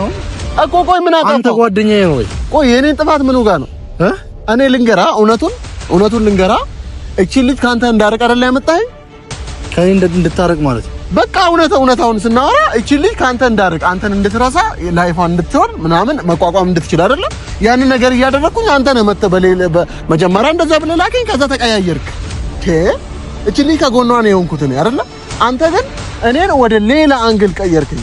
ነው እኮ። ቆይ ምን አንተ ጓደኛዬ ነው ወይ? ቆይ የኔን ጥፋት ምኑ ጋር ነው? እኔ ልንገራ፣ እውነቱን እውነቱን ልንገራ፣ እቺ ልጅ ካንተ እንዳርቅ አይደለ ያመጣኸኝ? ከኔ እንድታርቅ ማለት ነው። በቃ እውነት እውነታውን ስናወራ እቺ ልጅ ካንተ እንዳርቅ፣ አንተን እንድትረሳ፣ ላይፏን እንድትሆን ምናምን መቋቋም እንድትችል አይደለ? ያንን ነገር እያደረግኩኝ አንተ ነህ መጥተህ በመጀመሪያ እንደዛ ብለህ ላከኝ፣ ከዛ ተቀያየርክ። እቺ ልጅ ከጎኗ ነው የሆንኩት እኔ አይደለ? አንተ ግን እኔን ወደ ሌላ አንግል ቀየርክኝ።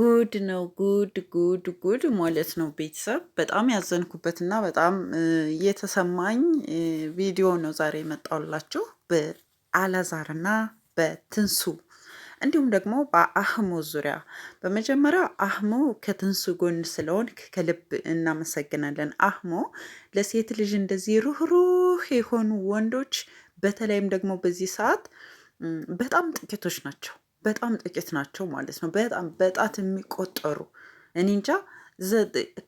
ጉድ ነው ጉድ ጉድ ጉድ ማለት ነው ቤተሰብ። በጣም ያዘንኩበት እና በጣም የተሰማኝ ቪዲዮ ነው ዛሬ የመጣውላችሁ በአላዛር በትንሱ እንዲሁም ደግሞ በአህሙ ዙሪያ። በመጀመሪያ አህሙ ከትንሱ ጎን ስለሆንክ ከልብ እናመሰግናለን። አህሙ ለሴት ልጅ እንደዚህ ሩህሩህ የሆኑ ወንዶች በተለይም ደግሞ በዚህ ሰዓት በጣም ጥቂቶች ናቸው። በጣም ጥቂት ናቸው ማለት ነው። በጣም በጣት የሚቆጠሩ እኔ እንጃ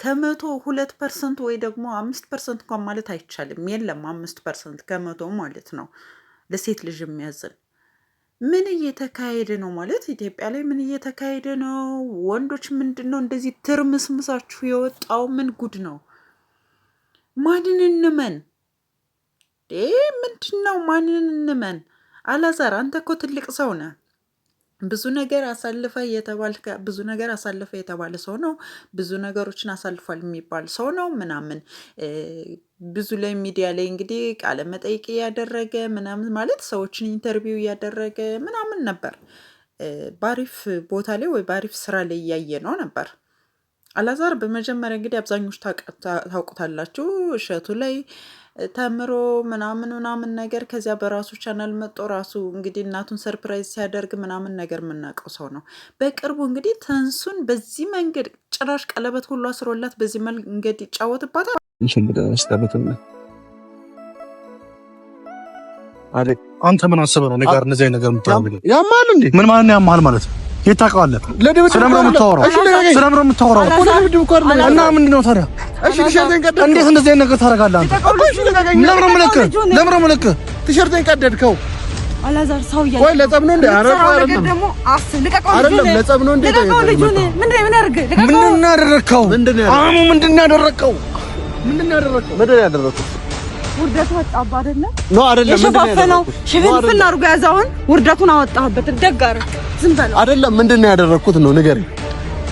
ከመቶ ሁለት ፐርሰንት ወይ ደግሞ አምስት ፐርሰንት እንኳን ማለት አይቻልም። የለም አምስት ፐርሰንት ከመቶ ማለት ነው ለሴት ልጅ የሚያዝን ምን እየተካሄደ ነው ማለት ኢትዮጵያ ላይ ምን እየተካሄደ ነው? ወንዶች ምንድን ነው እንደዚህ ትርምስምሳችሁ የወጣው? ምን ጉድ ነው? ማንን እንመን? ምንድን ነው ማንን እንመን? አላዛር አንተ እኮ ትልቅ ሰው ነህ። ብዙ ነገር አሳልፈ የተባል ብዙ ነገር አሳልፈ የተባለ ሰው ነው። ብዙ ነገሮችን አሳልፏል የሚባል ሰው ነው ምናምን ብዙ ላይ ሚዲያ ላይ እንግዲህ ቃለ መጠይቅ እያደረገ ምናምን ማለት ሰዎችን ኢንተርቪው እያደረገ ምናምን ነበር። በአሪፍ ቦታ ላይ ወይ በአሪፍ ስራ ላይ እያየ ነው ነበር። አላዛር በመጀመሪያ እንግዲህ አብዛኞች ታውቁታላችሁ እሸቱ ላይ ተምሮ ምናምን ምናምን ነገር ከዚያ በራሱ ቻናል መጦ ራሱ እንግዲህ እናቱን ሰርፕራይዝ ሲያደርግ ምናምን ነገር የምናውቀው ሰው ነው። በቅርቡ እንግዲህ ተንሱን በዚህ መንገድ ጭራሽ ቀለበት ሁሉ አስሮላት በዚህ መንገድ ይጫወትባታል። አንተ ምን አስበህ ነው እኔ ጋር እንደዚህ ነገር የምታወራው? ያማል እንዴ? ምን ማለት ነው ያማል ማለት ነው? የት ታውቃለህ? ስለምን ነው የምታወራው? ስለምን ነው የምታወራው እና ምንድን ነው ታዲያ እሺ ቲሸርቴን እንዴት እንደዚህ አይነት ነገር ታደርጋለህ አንተ? ለምን ምልክ ለምሮ ምልክ ቲሸርቴን ቀደድከው? አላዛር ሰው እያለ ወይ ለጸብ ነው እንዴ? ኧረ አስ ነው እንዴ? ምንድን ነው ያደረገው? ምንድን ነው አሙ ውርደቱ ወጣብህ አይደለ? ነው አይደለም። ሽፍንፍን አድርጎ ያዛውን ውርደቱን አወጣህበት። ደግ ዝም አይደለም ምንድን ነው ያደረግኩት ነው ንገረኝ።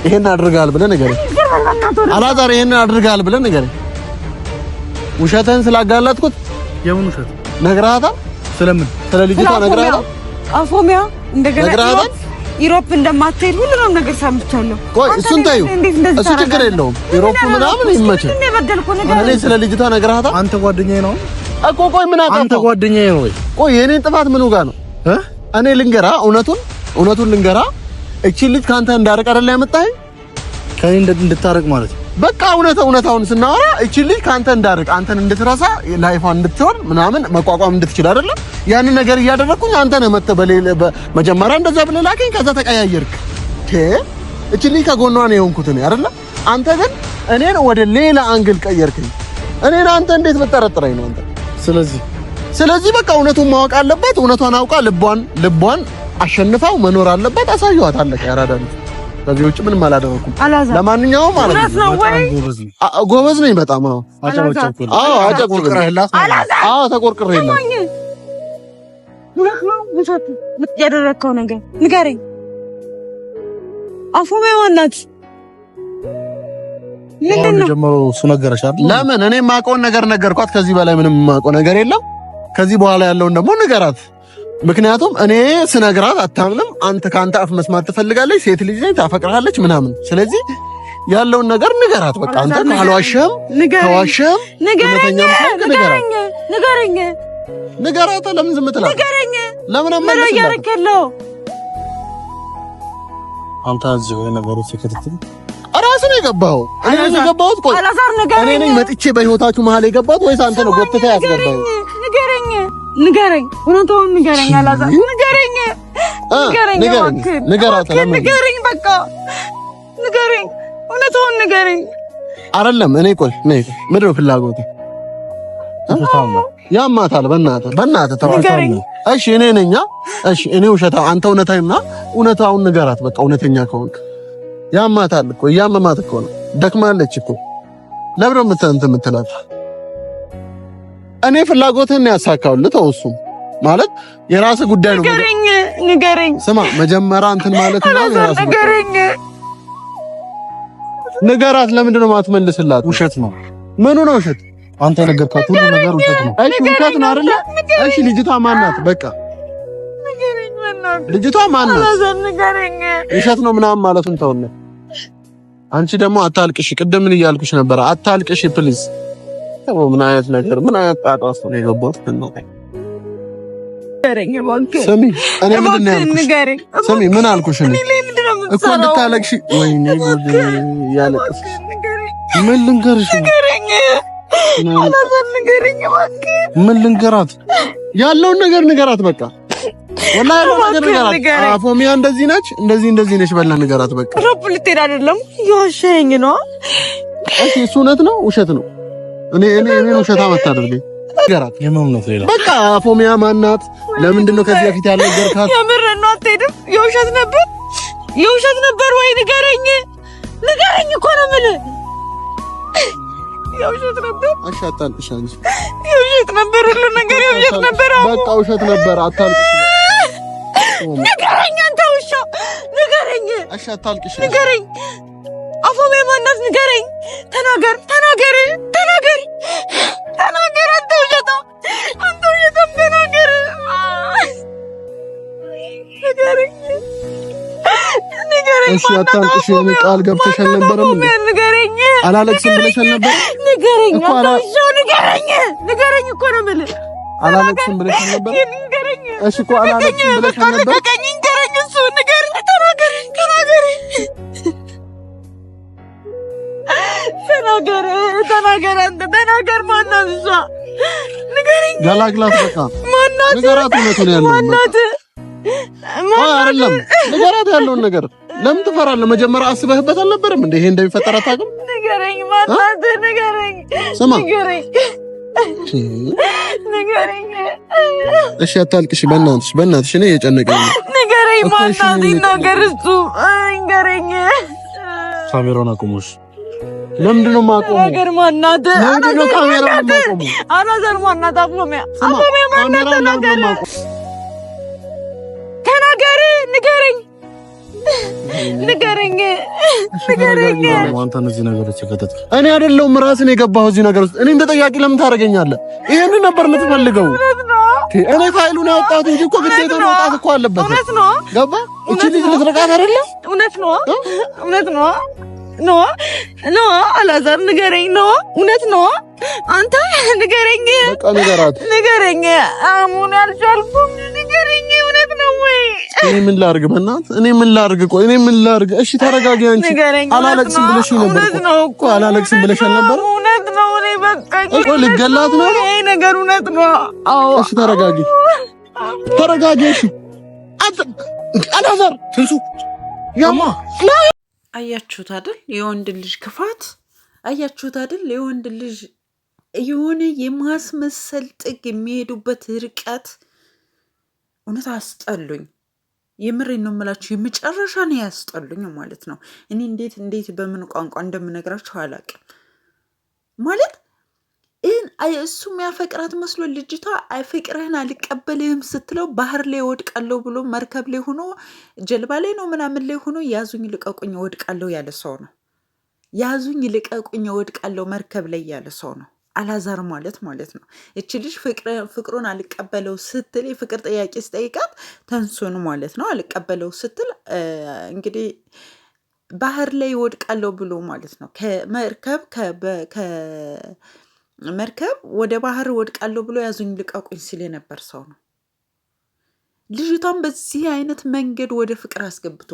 ይሄን አድርገሃል ብለህ ንገረኝ አላዛር ይሄን አድርጋል ብለን ነገር ውሸትህን ስላጋለጥኩት የምን ውሸት ነግራታ ስለምን ስለ ልጅቷ ነግረሃታል? አፎሚያ እንደገና ነግረሃታል? ኢሮፕ እንደማትሄድ ሁሉንም ነገር ሰምቻለሁ። ቆይ እሱን ታዩ እሱ ችግር የለውም ኢሮፕ ምናምን ይመችል። እኔ በደልኩ ነገር ስለ ልጅቷ ነግራታ አንተ ጓደኛዬ ነው እኮ። ቆይ ምን አቀፈ? አንተ ጓደኛዬ ነው ቆይ የኔ ጥፋት ምኑ ጋር ነው? እኔ ልንገራ፣ እውነቱን እውነቱን ልንገራ፣ እቺ ልጅ ካንተ እንዳርቅ አይደለ ያመጣኸኝ ከኔ እንድታረቅ ማለት ነው። በቃ እውነት እውነታውን ስናወራ እቺ ልጅ ከአንተ እንዳርቅ አንተን እንድትረሳ ላይፏን እንድትሆን ምናምን መቋቋም እንድትችል አይደለ? ያንን ነገር እያደረግኩኝ አንተ ነህ መተህ በመጀመሪያ እንደዛ ብለህ ላከኝ። ከዛ ተቀያየርክ። እቺ ልጅ ከጎኗ ነው የሆንኩት ነው አይደለ? አንተ ግን እኔን ወደ ሌላ አንግል ቀየርክኝ። እኔን አንተ እንዴት ብጠረጥረኝ ነው አንተ? ስለዚህ ስለዚህ በቃ እውነቱን ማወቅ አለበት። እውነቷን አውቃ ልቧን ልቧን አሸንፋው መኖር አለበት። አሳየዋት። አለቀ። ያራዳል ከዚህ ውጭ ምንም አላደረኩም። ለማንኛውም ማለት ነው ጎበዝ ነኝ በጣም አዎ፣ ያደረግከው ነገር ንገረኝ። አፉ ለምን እኔ የማውቀውን ነገር ነገርኳት። ከዚህ በላይ ምንም የማውቀው ነገር የለም። ከዚህ በኋላ ያለውን ደግሞ ንገራት። ምክንያቱም እኔ ስነግራት አታምንም። አንተ ከአንተ አፍ መስማት ትፈልጋለች። ሴት ልጅ ነኝ ታፈቅርሃለች ምናምን። ስለዚህ ያለውን ነገር ንገራት። በቃ አንተ ካልዋሸህም ከዋሸህም ንገረኝ፣ ንገራት። ለምን ዝም ትላለህ? ንገረኝ። ለምን እያረከለው አንተ እዚህ ወይ ነገሩ ሲከትል ራስ ነው የገባው። እኔ ነው የገባሁት። ቆይ እኔ ነኝ መጥቼ በህይወታችሁ መሀል የገባሁት ወይስ አንተ ነው ጎትተህ ያስገባው? ንገረኝ፣ አይደለም እኔ ቆይ ነይ፣ ፍላጎት? ያማታል። በእናትህ በእናትህ እሺ እኔ እሺ እኔ ውሸታ፣ አንተ እውነታውን ንገራት በቃ፣ እውነተኛ ከሆንክ ያማታል እኮ፣ እያመማት እኮ ነው፣ ደክማለች እኮ። የምትላት እኔ ፍላጎትህን ያሳካውልህ። ተው እሱም ማለት የራስህ ጉዳይ ነው። ንገረኝ ንገረኝ። ስማ መጀመሪያ እንትን ማለት ነው። የራስህ ንገረኝ። ንገራት። ለምንድን ነው የማትመልስላት? ውሸት ነው። ምኑ ነው ውሸት? አንተ የነገርካት ሁሉ ነገር ውሸት ነው። እሺ ውሸት ነው አይደለ? እሺ ልጅቷ ማናት? በቃ ልጅቷ ማናት? ውሸት ነው ምናምን ማለቱን ተውነ። አንቺ ደግሞ አታልቅሽ። ቅድም ምን እያልኩሽ ነበረ? አታልቅሽ ፕሊዝ ምን አይነት ነገር ምን አይነት ጣጣ ውስጥ ነው የገባሁት? ስሚ ምን አልኩሽ እኮ እንድታለቅሽ። ወይኔ ምን ልንገርሽ? ምን ልንገራት? ያለውን ነገር ንገራት። በቃ እንደዚህ ነች፣ እንደዚህ እንደዚህ ነች። በላ ንገራት። በቃ ልትሄድ አይደለም። የዋሸኸኝ ነው። እሺ እሱ እውነት ነው ውሸት ነው እኔ እኔ እኔ ውሸታም አታደርገኝ። ገራት የመምነት ሌላ በቃ ፎሚያ ማናት? ለምንድን ነው ከዚህ በፊት ያለው የምር ነው አትሄድም? የውሸት ነበር የውሸት ነበር ወይ ንገረኝ፣ ንገረኝ እኮ ነው የምልህ። የውሸት ነበር። አሻጣልሽ አንቺ። የውሸት ነበር፣ ሁሉ ነገር የውሸት ነበር። በቃ ውሸት ነበር። አታልቅሽ። ንገረኝ አንተ ውሻ፣ ንገረኝ። አሻጣልሽ ንገረኝ አፎሜ ማናት? ንገረኝ። ተናገር፣ ተናገር፣ ተናገር፣ ተናገር። አንተ ውሸታ፣ አንተ ውሸታም ተናገር፣ ንገረኝ፣ እሺ፣ አታልቅሽ። የኔ ቃል ገብተሽ አልነበረም እንዴ? ንገረኝ። አላለቅስም ብለሽ አልነበረ? ንገረኝ እኮ ንገረኝ፣ ንገረኝ እኮ ነው የምልህ። አላለቅስም ብለሽ አልነበረ? እሺ እኮ አላለቅስም ብለሽ ንገረኝ ተናገር ተናገር፣ አንተ ተናገር። ማናት እሷ? ንገረኝ። ገላግላት። በቃ ማናት? ንገራት። እውነቱን ያለው ማናት? አይደለም ንገራት፣ ያለውን ነገር። ለምን ትፈራለህ? መጀመሪያ አስበህበት አልነበረም እንዴ? ይሄ እንደሚፈጠር አታውቅም? ንገረኝ። ማናት? ንገረኝ። ስማ፣ ንገረኝ፣ እሺ፣ አታልቅሽ፣ በእናትሽ፣ በእናትሽ። እኔ ንገረኝ። ማናት? ይናገር እሱ። ንገረኝ። ካሜራውን አቁሙሽ ለምንድን ነው የማቆመው? ነገር ማናተ ነው ካሜራ ማቆሙ አላዛር ማናተ አቆሚያ አቆሚያ ማናተ ነገር ተናገሪ፣ ንገረኝ፣ ንገረኝ፣ ንገረኝ። አንተ እነዚህ ነገሮች የከተት እኔ አይደለሁም ራስን የገባሁ እዚህ ነገር ውስጥ እኔም ተጠያቂ ለምን ታደርገኛለህ? ይሄንን ነበር የምትፈልገው? እኔ ፋይሉን ያወጣሁት እንጂ እኮ ግዴታ መውጣት እኮ አለበት። እውነት ነው። ገባ? እቺ ልጅ ልትረቃት አይደለም? እውነት ነው። እውነት ነው። ነዋ ነዋ፣ አላዛር ንገረኝ፣ ነዋ እውነት ነዋ፣ አንተ ንገረኝ፣ በቃ ንገራት፣ ንገረኝ፣ አሙን አልቻልኩም፣ ንገረኝ፣ እውነት ነው ወይ? እኔ ምን ላርግ? በእናትህ እኔ ምን ላርግ? ቆይ እኔ ምን ላርግ? እሺ ተረጋጊ። አንቺ አላለቅስም ብለሽ ነበር እኮ አላለቅስም ብለሽ አልነበረ? እውነት ነው። እኔ በቃ እኮ ልገላት ነው ይሄ ነገር፣ እውነት ነው። አዎ፣ እሺ ተረጋጊ፣ ተረጋጊ። እሺ አላዛር ትንሱ ያማ አያችሁት አይደል? የወንድ ልጅ ክፋት አያችሁት አይደል? የወንድ ልጅ የሆነ የማስመሰል ጥግ የሚሄዱበት ርቀት እውነት አስጠሉኝ። የምሬ ነው የምላችሁ፣ የመጨረሻ ነው ያስጠሉኝ ማለት ነው። እኔ እንዴት እንዴት በምን ቋንቋ እንደምነግራችሁ አላውቅም ማለት እሱ የሚያፈቅራት መስሎ ልጅቷ ፍቅርህን አልቀበልህም ስትለው ባህር ላይ ወድቃለሁ ብሎ መርከብ ላይ ሆኖ ጀልባ ላይ ነው ምናምን ላይ ሆኖ ያዙኝ ልቀቁኝ ወድቃለሁ ያለ ሰው ነው። ያዙኝ ልቀቁኝ ወድቃለሁ መርከብ ላይ ያለ ሰው ነው። አላዛር ማለት ማለት ነው። እች ልጅ ፍቅሩን አልቀበለው ስትል የፍቅር ጥያቄ ስጠይቃት ተንሱን ማለት ነው። አልቀበለው ስትል እንግዲህ ባህር ላይ ወድቃለሁ ብሎ ማለት ነው ከመርከብ መርከብ ወደ ባህር ወድቃለሁ ብሎ ያዙኝ ልቀቁኝ ሲል የነበር ሰው ነው። ልጅቷን በዚህ አይነት መንገድ ወደ ፍቅር አስገብቶ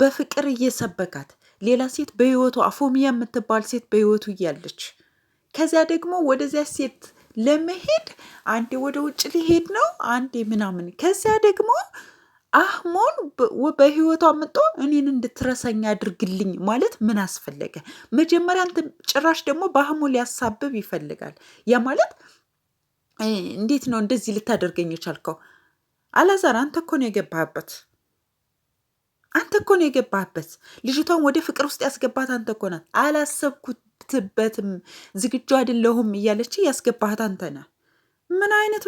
በፍቅር እየሰበካት ሌላ ሴት በህይወቱ አፎሚያ የምትባል ሴት በህይወቱ እያለች ከዚያ ደግሞ ወደዚያ ሴት ለመሄድ አንዴ ወደ ውጭ ሊሄድ ነው አንዴ ምናምን ከዚያ ደግሞ አህሞን በህይወቷ መጦ እኔን እንድትረሰኝ አድርግልኝ ማለት ምን አስፈለገ? መጀመሪያ አንተ ጭራሽ ደግሞ በአህሙ ሊያሳብብ ይፈልጋል። ያ ማለት እንዴት ነው እንደዚህ ልታደርገኝ የቻልከው? አላዛር አንተ እኮ ነው የገባህበት። አንተ እኮ ነው የገባህበት። ልጅቷን ወደ ፍቅር ውስጥ ያስገባት አንተ እኮ ናት። አላሰብኩትበትም፣ ዝግጁ አይደለሁም እያለች ያስገባህት አንተ ነህ። ምን አይነት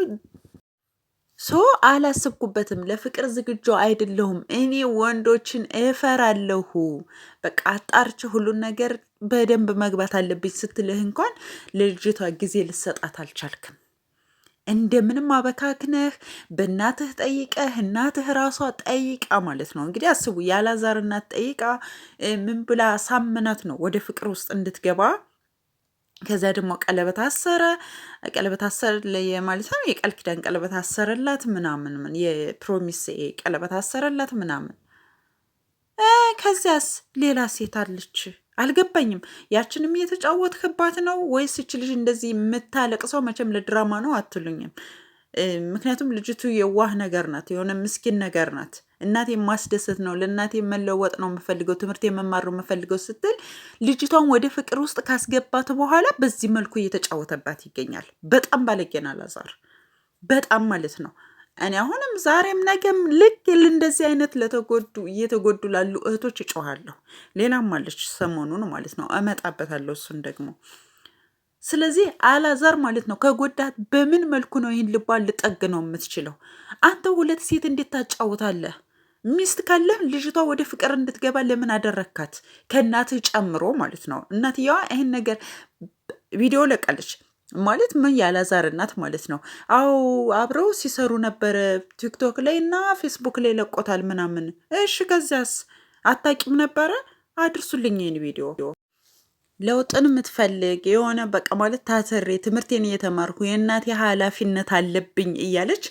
ሶ አላስብኩበትም። ለፍቅር ዝግጁ አይደለሁም። እኔ ወንዶችን እፈራለሁ። በቃ አጣርቼ ሁሉን ነገር በደንብ መግባት አለብኝ ስትልህ እንኳን ለልጅቷ ጊዜ ልሰጣት አልቻልክም። እንደምንም አበካክነህ በእናትህ ጠይቀህ እናትህ ራሷ ጠይቃ ማለት ነው እንግዲህ አስቡ። የአላዛር እናት ጠይቃ ምን ብላ ሳምናት ነው ወደ ፍቅር ውስጥ እንድትገባ ከዚያ ደግሞ ቀለበት አሰረ። ቀለበት አሰረ ማለት ነው የቃል ኪዳን ቀለበት አሰረላት ምናምን፣ ምን የፕሮሚስ ቀለበት አሰረላት ምናምን። ከዚያስ ሌላ ሴት አለች አልገባኝም። ያችንም እየተጫወትክባት ነው ወይስ ይች ልጅ እንደዚህ የምታለቅሰው መቼም ለድራማ ነው አትሉኝም? ምክንያቱም ልጅቱ የዋህ ነገር ናት፣ የሆነ ምስኪን ነገር ናት። እናቴ ማስደሰት ነው፣ ለእናቴ መለወጥ ነው የምፈልገው፣ ትምህርት የመማር ነው የምፈልገው ስትል ልጅቷን ወደ ፍቅር ውስጥ ካስገባት በኋላ በዚህ መልኩ እየተጫወተባት ይገኛል። በጣም ባለጌና ላዛር በጣም ማለት ነው። እኔ አሁንም ዛሬም ነገም ልክ እንደዚህ አይነት ለተጎዱ እየተጎዱ ላሉ እህቶች እጮኋለሁ። ሌላም አለች ሰሞኑን ማለት ነው፣ እመጣበታለሁ እሱን ደግሞ ስለዚህ አላዛር ማለት ነው ከጎዳት በምን መልኩ ነው ይህን ልቧን ልጠግ ነው የምትችለው? አንተ ሁለት ሴት እንዴት ታጫውታለህ? ሚስት ካለ ልጅቷ ወደ ፍቅር እንድትገባ ለምን አደረግካት? ከእናትህ ጨምሮ ማለት ነው። እናትየዋ ይህን ነገር ቪዲዮ ለቃለች ማለት ምን ያላዛር እናት ማለት ነው። አው አብረው ሲሰሩ ነበረ ቲክቶክ ላይ እና ፌስቡክ ላይ ለቆታል ምናምን። እሺ ከዚያስ አታቂም ነበረ? አድርሱልኝ ይህን ቪዲዮ ለውጥን የምትፈልግ የሆነ በቃ ማለት ታስሬ ትምህርቴን እየተማርኩ የእናቴ ኃላፊነት አለብኝ እያለች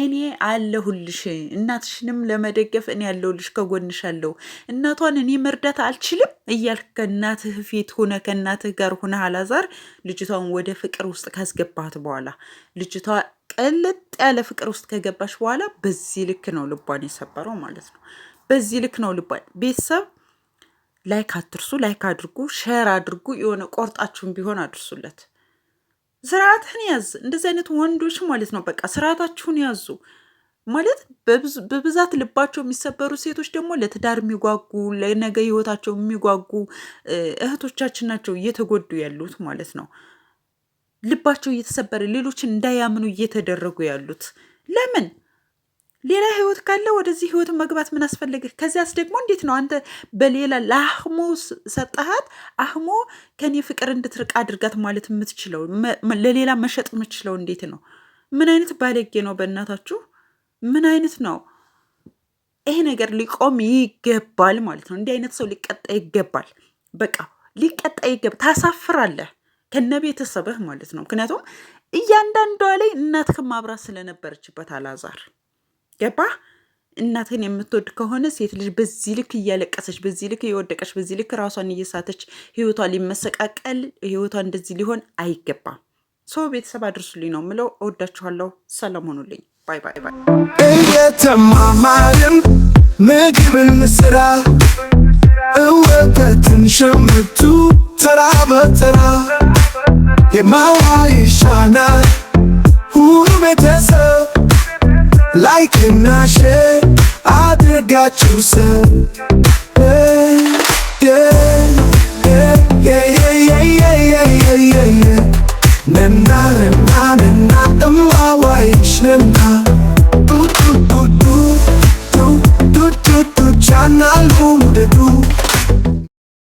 እኔ አለሁልሽ፣ እናትሽንም ለመደገፍ እኔ አለሁልሽ፣ ከጎንሽ እናቷን እኔ መርዳት አልችልም እያልክ ከእናትህ ፊት ሆነ ከእናትህ ጋር ሆነ አላዛር ልጅቷን ወደ ፍቅር ውስጥ ካስገባት በኋላ ልጅቷ ቅልጥ ያለ ፍቅር ውስጥ ከገባች በኋላ በዚህ ልክ ነው ልቧን የሰበረው ማለት ነው። በዚህ ልክ ነው ልቧን ቤተሰብ ላይክ አትርሱ። ላይክ አድርጉ፣ ሼር አድርጉ። የሆነ ቆርጣችሁን ቢሆን አድርሱለት። ስርዓትህን ያዝ። እንደዚህ አይነት ወንዶች ማለት ነው። በቃ ስርዓታችሁን ያዙ ማለት በብዛት ልባቸው የሚሰበሩ ሴቶች ደግሞ ለትዳር የሚጓጉ ለነገ ህይወታቸው የሚጓጉ እህቶቻችን ናቸው እየተጎዱ ያሉት ማለት ነው። ልባቸው እየተሰበረ ሌሎችን እንዳያምኑ እየተደረጉ ያሉት ለምን ሌላ ህይወት ካለ ወደዚህ ህይወት መግባት ምን አስፈለግህ? ከዚያስ ደግሞ እንዴት ነው አንተ በሌላ ለአህሙ ሰጠሃት፣ አህሙ ከኔ ፍቅር እንድትርቅ አድርጋት ማለት የምትችለው ለሌላ መሸጥ የምትችለው እንዴት ነው? ምን አይነት ባለጌ ነው? በእናታችሁ ምን አይነት ነው? ይሄ ነገር ሊቆም ይገባል ማለት ነው። እንዲህ አይነት ሰው ሊቀጣ ይገባል። በቃ ሊቀጣ ይገባ። ታሳፍራለህ፣ ከነ ቤተሰብህ ማለት ነው። ምክንያቱም እያንዳንዷ ላይ እናትህ ማብራት ስለነበረችበት አላዛር ገባ እናትን የምትወድ ከሆነ ሴት ልጅ በዚህ ልክ እያለቀሰች በዚህ ልክ እየወደቀች በዚህ ልክ ራሷን እየሳተች ህይወቷ ሊመሰቃቀል ህይወቷ እንደዚህ ሊሆን አይገባም። ሰው ቤተሰብ አድርሱልኝ ነው ምለው እወዳችኋለሁ። ሰላም ሆኑልኝ። ባይ ባይ ባይ። እየተማማርን ምግብን ስራ እወተትን ሸምቱ ተራ በተራ ሁሉ ቤተሰብ like nasze a druga ciusa Nenare mane na tam wawa ichne na Tu Do do do do, do do do do, lumde do.